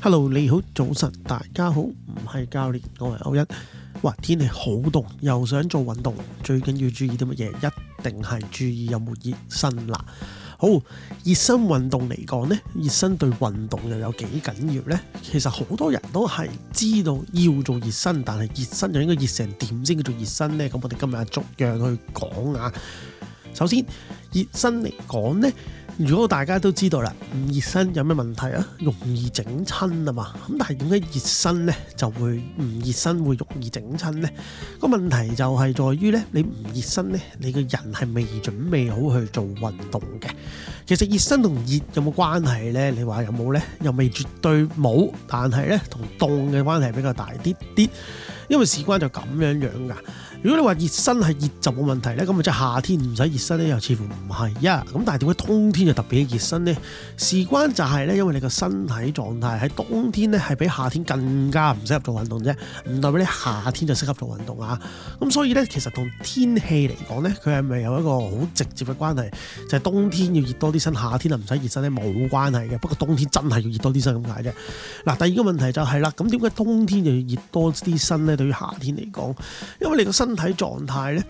hello，你好，早晨，大家好，唔係教練，我係歐一。哇，天氣好凍，又想做運動，最緊要注意啲乜嘢？一定係注意有冇熱身啦。好，熱身運動嚟講呢，熱身對運動又有幾緊要呢？其實好多人都係知道要做熱身，但係熱身又應該熱成點先叫做熱身呢？咁我哋今日逐樣去講啊。首先，熱身嚟講呢。如果大家都知道啦，唔熱身有咩問題啊？容易整親啊嘛。咁但係點解熱身呢就會唔熱身會容易整親呢？個問題就係在於呢：你唔熱身呢，你個人係未準備好去做運動嘅。其實熱身同熱有冇關係呢？你話有冇呢？又未絕對冇，但係呢，同凍嘅關係比較大啲啲，因為事關就咁樣樣㗎。如果你話熱身係熱就冇問題咧，咁啊即係夏天唔使熱身咧，又似乎唔係啊。咁但係點解冬天就特別要熱身呢？事關就係咧，因為你個身體狀態喺冬天咧係比夏天更加唔適合做運動啫，唔代表你夏天就適合做運動啊。咁所以咧，其實同天氣嚟講咧，佢係咪有一個好直接嘅關係？就係冬天要熱多啲身，夏天就唔使熱身咧，冇關係嘅。不過冬天真係要熱多啲身咁解啫。嗱，第二個問題就係啦，咁點解冬天就要熱多啲身咧？對於夏天嚟講，因為你個身。身體狀態咧，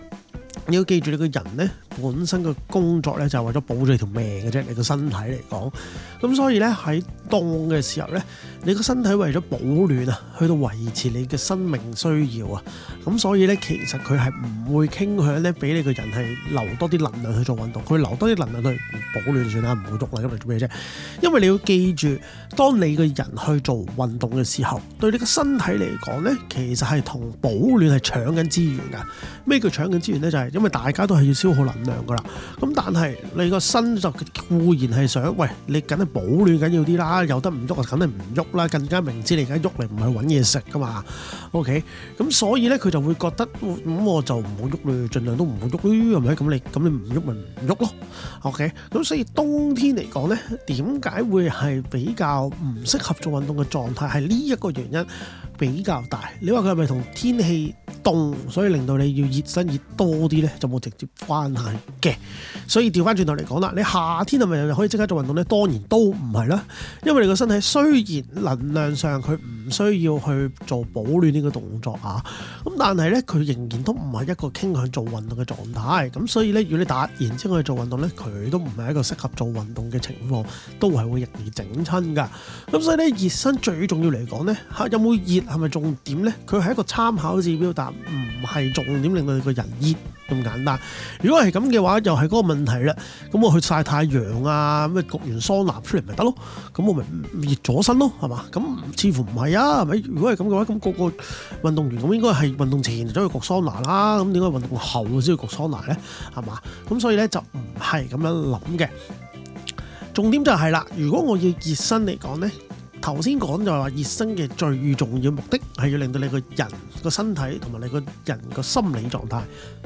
你要記住你個人咧。本身嘅工作咧就係為咗保住你條命嘅啫，你個身體嚟講，咁所以咧喺凍嘅時候咧，你個身體為咗保暖啊，去到維持你嘅生命需要啊，咁所以咧其實佢係唔會傾向咧俾你個人係留多啲能量去做運動，佢留多啲能量去保暖算啦，唔好喐啦，因為做咩啫？因為你要記住，當你個人去做運動嘅時候，對你個身體嚟講咧，其實係同保暖係搶緊資源㗎。咩叫搶緊資源咧？就係、是、因為大家都係要消耗能。噶啦，咁但係你個身就固然係想，喂，你梗係保暖緊要啲啦，有得唔喐啊，梗係唔喐啦，更加明知你而家喐嚟唔係去搵嘢食噶嘛，OK，咁所以咧佢就會覺得，咁我就唔好喐啦，盡量都唔好喐啦，係咪，咁你咁你唔喐咪唔喐咯，OK，咁所以冬天嚟講咧，點解會係比較唔適合做運動嘅狀態，係呢一個原因比較大。你話佢係咪同天氣？所以令到你要熱身熱多啲呢，就冇直接關係嘅。所以調翻轉頭嚟講啦，你夏天係咪又可以即刻做運動呢？當然都唔係啦，因為你個身體雖然能量上佢唔需要去做保暖呢個動作啊，咁但係呢，佢仍然都唔係一個傾向做運動嘅狀態。咁所以呢，如果你突然之去做運動呢，佢都唔係一個適合做運動嘅情況，都係會容易整親㗎。咁所以呢，熱身最重要嚟講呢，嚇，有冇熱係咪重點呢？佢係一個參考指標，但唔係重點令到個人熱咁簡單，如果係咁嘅話，又係嗰個問題啦。咁我去晒太陽啊，咩焗完桑拿出嚟咪得咯？咁我咪熱咗身咯，係嘛？咁似乎唔係啊，係咪？如果係咁嘅話，咁個個運動員咁應該係運動前就要焗桑拿啦。咁點解運動後先要焗桑拿咧？係嘛？咁所以咧就唔係咁樣諗嘅。重點就係啦，如果我要熱身嚟講咧。頭先講就係話，熱身嘅最重要目的係要令到你個人個身體同埋你個人個心理狀態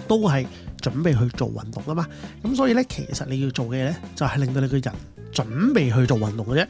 都係準備去做運動啊嘛，咁所以呢，其實你要做嘅嘢呢，就係令到你個人準備去做運動嘅啫。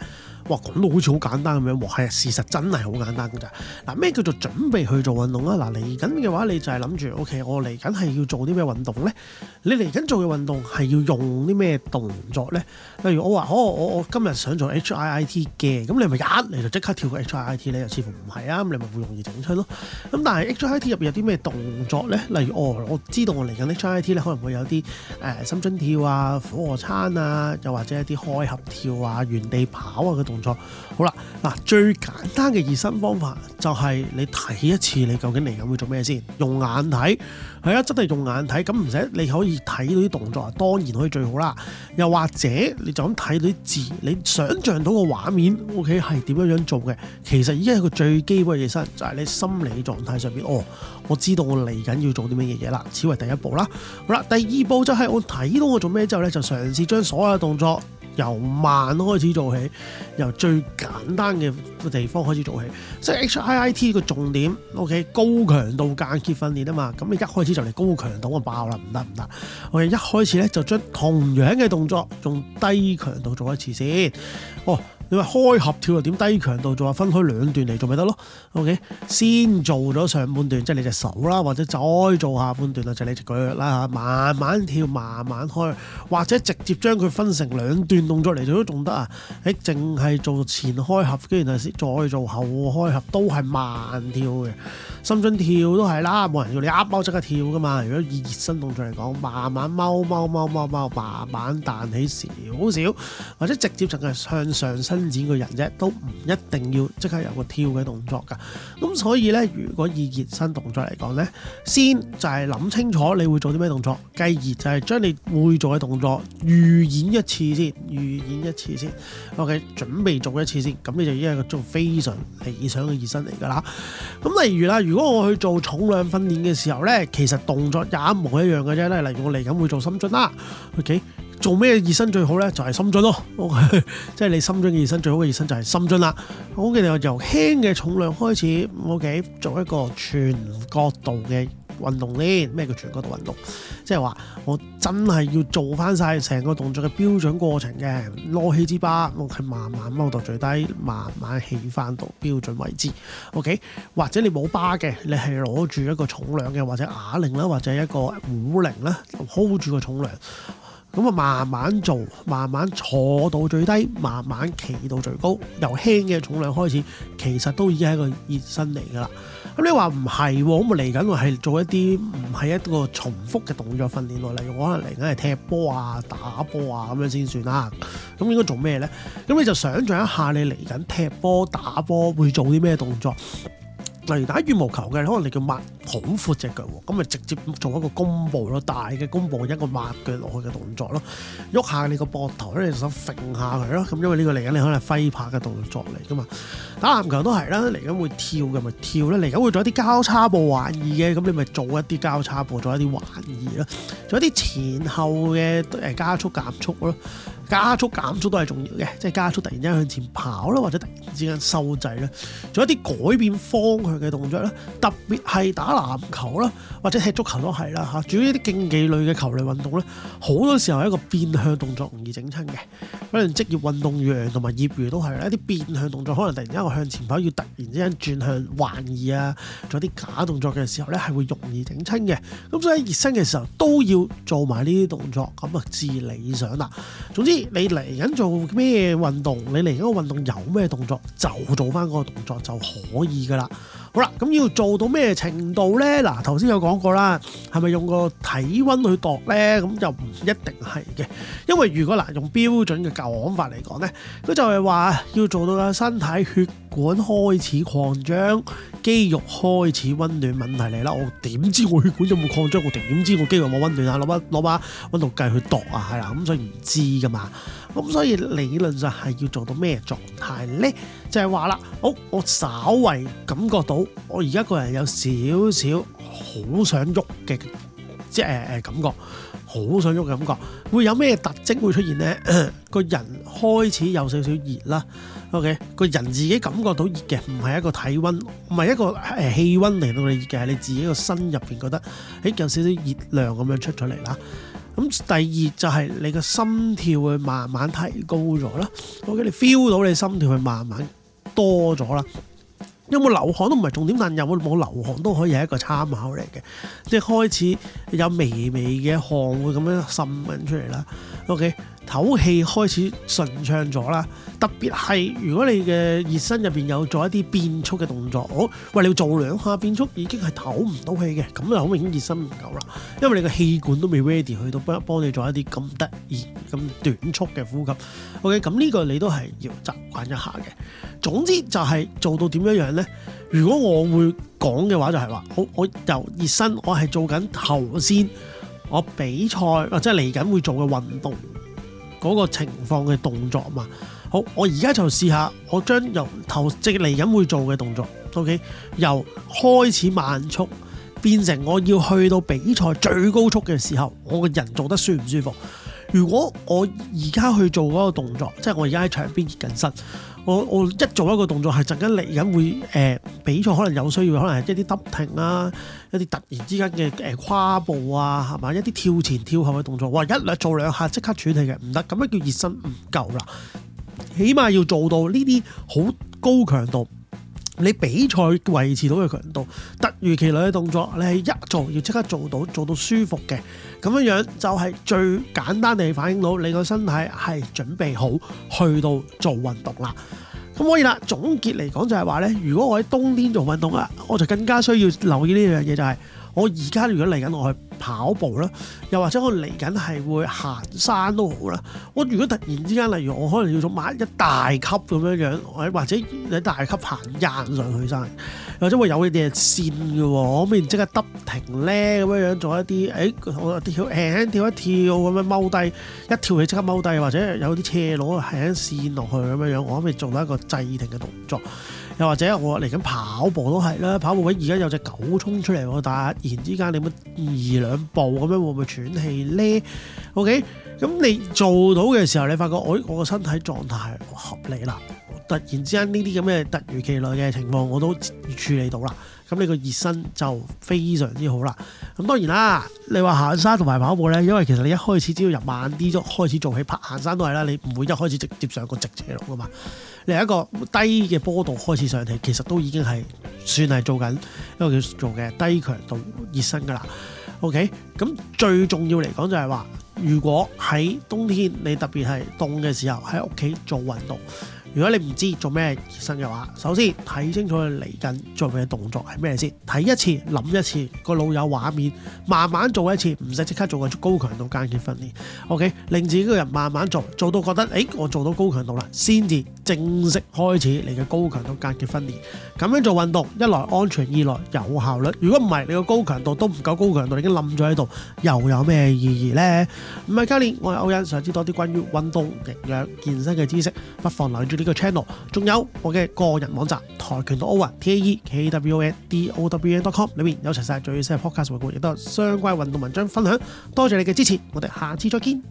哇，咁好似好簡單咁樣喎，係啊，事實真係好簡單㗎。嗱，咩叫做準備去做運動啊？嗱，嚟緊嘅話，你就係諗住，OK，我嚟緊係要做啲咩運動咧？你嚟緊做嘅運動係要用啲咩動作咧？例如我話、啊啊，哦，我我今日想做 HIIT 嘅，咁你咪一嚟就即刻跳個 HIIT 咧？又似乎唔係啊，咁你咪會容易整出咯。咁但係 HIIT 入邊有啲咩動作咧？例如我我知道我嚟緊 HIIT 咧，可能會有啲心、呃、深蹲跳啊、俯卧撐啊，又或者一啲開合跳啊、原地跑啊動作好啦，嗱，最簡單嘅熱身方法就係你睇一次你究竟嚟緊會做咩先，用眼睇係啊，真係用眼睇，咁唔使你可以睇到啲動作啊，當然可以最好啦。又或者你就咁睇到啲字，你想象到個畫面，O K 係點樣樣做嘅，其實依一個最基本嘅熱身就係你心理狀態上面，哦，我知道我嚟緊要做啲咩嘢嘢啦，此為第一步啦。好啦，第二步就係我睇到我做咩之後咧，就嘗試將所有嘅動作。由慢開始做起，由最簡單嘅地方開始做起，即係 HIIT 個重點。O.K. 高強度間歇訓練啊嘛，咁你一開始就嚟高強度就爆啦，唔得唔得。我哋、OK，一開始咧就將同樣嘅動作用低強度做一次先。哦。你話開合跳又點低強度做啊？分開兩段嚟做咪得咯。OK，先做咗上半段，即係你隻手啦，或者再做下半段啊，就係、是、你隻腳啦嚇。慢慢跳，慢慢開，或者直接將佢分成兩段動作嚟做都仲得啊。誒，淨係做前開合，跟住然後先再做後開合，都係慢跳嘅，深蹲跳都係啦。冇人要你一踎即刻跳噶嘛。如果以熱身動作嚟講，慢慢踎踎踎踎踎，慢慢彈起少少，或者直接淨係向上伸。展個人啫，都唔一定要即刻有個跳嘅動作噶。咁所以呢，如果以熱身動作嚟講呢，先就係諗清楚你會做啲咩動作，繼而就係將你會做嘅動作預演一次先，預演一次先。OK，準備做一次先。咁你就已經係個做非常理想嘅熱身嚟噶啦。咁例如啦，如果我去做重量訓練嘅時候呢，其實動作也一模一樣嘅啫。例如我嚟緊會做深蹲啦。OK。做咩熱身最好呢？就係、是、深蹲咯。O、okay. K，即係你深蹲嘅熱身最好嘅熱身就係深蹲啦。好嘅，你由輕嘅重量開始。O、okay. K，做一個全角度嘅運動先。咩叫全角度運動？即係話我真係要做翻晒成個動作嘅標準過程嘅。攞起支巴，我、okay. 係慢慢踎到最低，慢慢起翻到標準位置。O、okay. K，或者你冇巴嘅，你係攞住一個重量嘅，或者啞鈴啦，或者一個壺鈴啦，hold 住個重量。咁啊，慢慢做，慢慢坐到最低，慢慢企到最高，由輕嘅重量開始，其實都已經係一個熱身嚟㗎啦。咁你話唔係，咁我嚟緊係做一啲唔係一個重複嘅動作訓練落嚟，嚟，用可能嚟緊係踢波啊、打波啊咁樣先算啦。咁應該做咩咧？咁你就想像一下，你下來，你嚟緊踢波打波會做啲咩動作？例如打羽毛球嘅，可能你叫抹好闊隻腳喎，咁咪直接做一個弓步咯，大嘅弓步，一個抹腳落去嘅動作咯，喐下你個膊頭，跟住想揈下佢咯。咁因為呢個嚟緊你可能揮拍嘅動作嚟㗎嘛，打籃球都係啦，嚟緊會跳嘅咪跳啦，嚟緊會做一啲交叉步橫移嘅，咁你咪做一啲交叉步，做一啲橫移啦，做一啲前後嘅誒加速減速咯。加速減速都係重要嘅，即係加速突然之間向前跑啦，或者突然之間收掣啦，做一啲改變方向嘅動作咧，特別係打籃球啦，或者踢足球都係啦嚇，主要呢啲競技類嘅球類運動咧，好多時候係一個變向動作容易整親嘅，可能職業運動員同埋業餘都係一啲變向動作，可能突然之間向前跑要突然之間轉向橫移啊，做一啲假動作嘅時候咧係會容易整親嘅，咁所以喺熱身嘅時候都要做埋呢啲動作，咁啊至理想啦。總之。你嚟緊做咩運動？你嚟緊個運動有咩動作，就做返嗰個動作就可以㗎喇。好啦，咁要做到咩程度呢？嗱，頭先有講過啦，係咪用個體溫去度呢？咁就唔一定係嘅，因為如果嗱用標準嘅舊講法嚟講呢，佢就係話要做到啦，身體血管開始擴張，肌肉開始温暖問題嚟啦。我點知我血管有冇擴張？我點知我肌肉有冇温暖啊？攞把攞把温度計去度啊，係啦，咁所以唔知噶嘛。咁所以理論上係要做到咩狀態呢？就係話啦，好，我稍為感覺到我而家個人有少少好想喐嘅，即、呃、感覺，好想喐嘅感覺，會有咩特徵會出現呢？個、呃、人開始有少少熱啦。OK，個人自己感覺到熱嘅，唔係一個體温，唔係一個誒、呃、氣温嚟到你熱嘅，係你自己個身入邊覺得，誒、呃、有少少熱量咁樣出咗嚟啦。咁第二就係你個心跳會慢慢提高咗啦，OK？你 feel 到你心跳會慢慢多咗啦，有冇流汗都唔係重點，但有冇冇流汗都可以係一個參考嚟嘅，即係開始有微微嘅汗會咁樣滲出嚟啦，OK？唞氣開始順暢咗啦，特別係如果你嘅熱身入邊有做一啲變速嘅動作，好、哦、喂，你要做兩下變速已經係唞唔到氣嘅，咁就好明顯熱身唔夠啦，因為你個氣管都未 ready 去到幫幫你做一啲咁得意咁短促嘅呼吸。O.K. 咁呢個你都係要習慣一下嘅。總之就係做到點樣樣呢？如果我會講嘅話，就是，就係話好，我由熱身我係做緊頭先，我比賽或者嚟緊會做嘅運動。嗰個情況嘅動作嘛，好，我而家就試下，我將由頭即嚟緊會做嘅動作，OK，由開始慢速變成我要去到比賽最高速嘅時候，我個人做得舒唔舒服？如果我而家去做嗰個動作，即係我而家喺場邊熱緊身。我我一做一個動作係陣間嚟緊會、呃、比賽可能有需要，可能係一啲急停啦、啊，一啲突然之間嘅、呃、跨步啊，係嘛一啲跳前跳後嘅動作，哇，一兩做兩下即刻喘氣嘅唔得，咁樣叫熱身唔夠啦，起碼要做到呢啲好高強度。你比賽維持到嘅強度，突如其來嘅動作，你係一做要即刻做到，做到舒服嘅咁樣樣，就係最簡單地反映到你個身體係準備好去到做運動啦。咁可以啦，總結嚟講就係話呢：如果我喺冬天做運動啊，我就更加需要留意呢樣嘢，就係我而家如果嚟緊落去。跑步啦，又或者我嚟緊係會行山都好啦。我如果突然之間，例如我可能要做爬一大級咁樣樣，或者你大級行硬上去山，又或者會有啲嘢跣嘅，我可唔可以即刻得停咧咁樣樣做一啲，誒、哎、我有啲跳輕輕跳一跳咁樣踎低，一跳起即刻踎低，或者有啲斜路輕跣落去咁樣樣，我可唔可以做到一個制停嘅動作。又或者我嚟緊跑步都係啦，跑步位而家有隻狗衝出嚟，我突然之間你乜二兩？步咁樣會唔會喘氣呢？OK，咁你做到嘅時候，你發覺我我個身體狀態合理啦。突然之間呢啲咁嘅突如其來嘅情況，我都處理到啦。咁你個熱身就非常之好啦。咁當然啦，你話行山同埋跑步呢，因為其實你一開始只要入慢啲就，開始做起爬行山都係啦，你唔會一開始直接上個直斜路噶嘛。你一個低嘅波度開始上去，其實都已經係算係做緊一個叫做嘅低強度熱身噶啦。OK，咁最重要嚟講就係話，如果喺冬天，你特別係凍嘅時候，喺屋企做運動。如果你唔知做咩熱身嘅話，首先睇清楚你嚟緊做嘅動作係咩先，睇一次諗一次，個腦有畫面，慢慢做一次，唔使即刻做個高強度間歇訓練。O.K.，令自己個人慢慢做，做到覺得，誒，我做到高強度啦，先至正式開始你嘅高強度間歇訓練。咁樣做運動，一來安全，二來有效率。如果唔係，你個高強度都唔夠高強度，已經冧咗喺度，又有咩意義呢？唔係教練，我係歐恩，想知多啲關於運動營養健身嘅知識，不妨留住。呢個 channel，仲有我嘅個人網站跆拳道、Owen，T A E K W O N D O W E N dot com，裏面有齊晒最新嘅 podcast 回顧，亦都有相關運動文章分享。多謝你嘅支持，我哋下次再見。